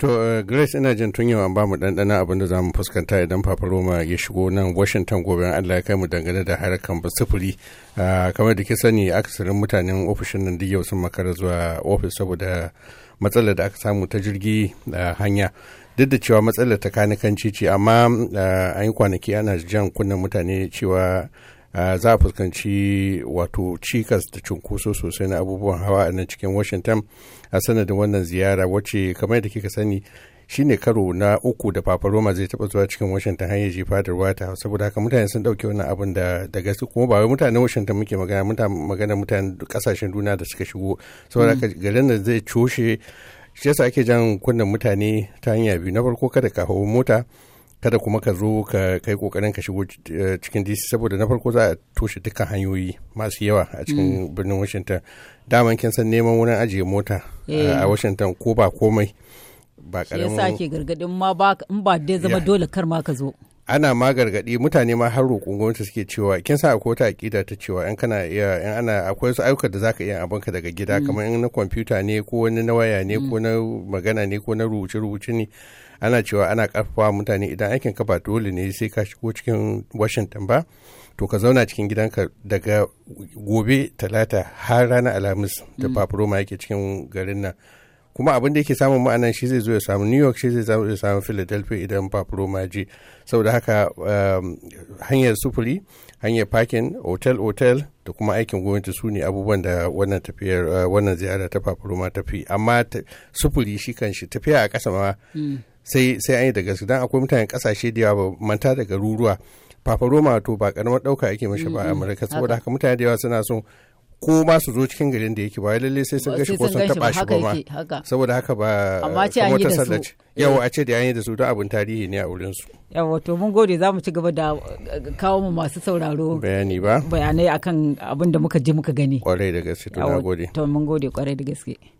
To eh, Grace ina jin tun yawan bamu ɗanɗana abin da zamu fuskanta idan Papa Roma ya shigo nan Washington gobe Allah ya kai mu dangane da harkan sufuri. Ah, kamar da ke sani akasarin mutanen ofishin nan duk yau sun makara zuwa ofis saboda matsalar da aka samu ta jirgi ah, hanya. Duk da cewa matsalar ta kanikan cici amma ah, an yi kwanaki ana jan kunnen mutane cewa za a fuskanci wato cikas da cunkoso sosai na abubuwan hawa a nan cikin washington a sanadin wannan ziyara wacce kamar yadda kika sani shine karo na uku da papa roma zai taba zuwa cikin washington hanyar ji da ruwa ta saboda haka mutane sun dauke wannan abin da da gaske kuma ba wai mutanen washington muke magana mutane magana mutanen kasashen duniya da suka shigo saboda haka garin da zai coshe shi yasa ake jan kunnen mutane ta hanya biyu na farko kada ka hawo mota kada kuma ka zo ka kai kokarin ka shigo eh, cikin DC saboda na farko za a toshe dukkan hanyoyi masu yawa a cikin mm. birnin Washington daman kin san neman wurin ajiye mota eh, a eh. Washington ko ba komai ba karamin shi ke gargadin ma ba in ba dai zama dole kar ma ka zo ana ma gargaɗi mutane ma har roƙon gwamnati suke cewa kin sa akwai wata aƙida ta cewa in kana iya in ana akwai wasu ayyuka da zaka iya abin ka daga gida mm. kamar in na kwamfuta ne ko wani na waya ne ko mm. na magana ne ko na rubuce rubuce ne ana cewa ana karfafa mutane idan aikin ka ba dole ne sai ka shigo cikin Washington ba to ka zauna cikin gidanka daga gobe talata har ranar alhamis da mm. papuroma yake cikin garin nan kuma abin da yake samun ma'anan shi zai zo ya samu new york shi zai zo ya samu philadelphia idan ba je saboda haka um, hanyar sufuri hanyar parking hotel hotel da kuma aikin gwamnati su ne abubuwan da wannan tafiyar uh, wannan ziyara ta papuroma ta fi amma sufuri shi kan shi tafiya a ƙasa ma mm. sai sai an yi da gaske don akwai mutanen ƙasashe da yawa manta da garuruwa paparoma to ba karamar ɗauka ake mashi ba a amurka saboda haka mutane da yawa suna son ko ma su zo cikin garin da yake ba lalle sai sun gashi ko sun taba shi ba ma saboda haka ba amma ce an yi da su yawa eh. a ce da an yi da su da abin tarihi ne a wurin su yawa to mun gode za mu ci gaba da eh, kawo mu masu sauraro bayani ba bayanai akan abin da muka je muka gani kwarai da gaske to na gode to mun gode kwarai da gaske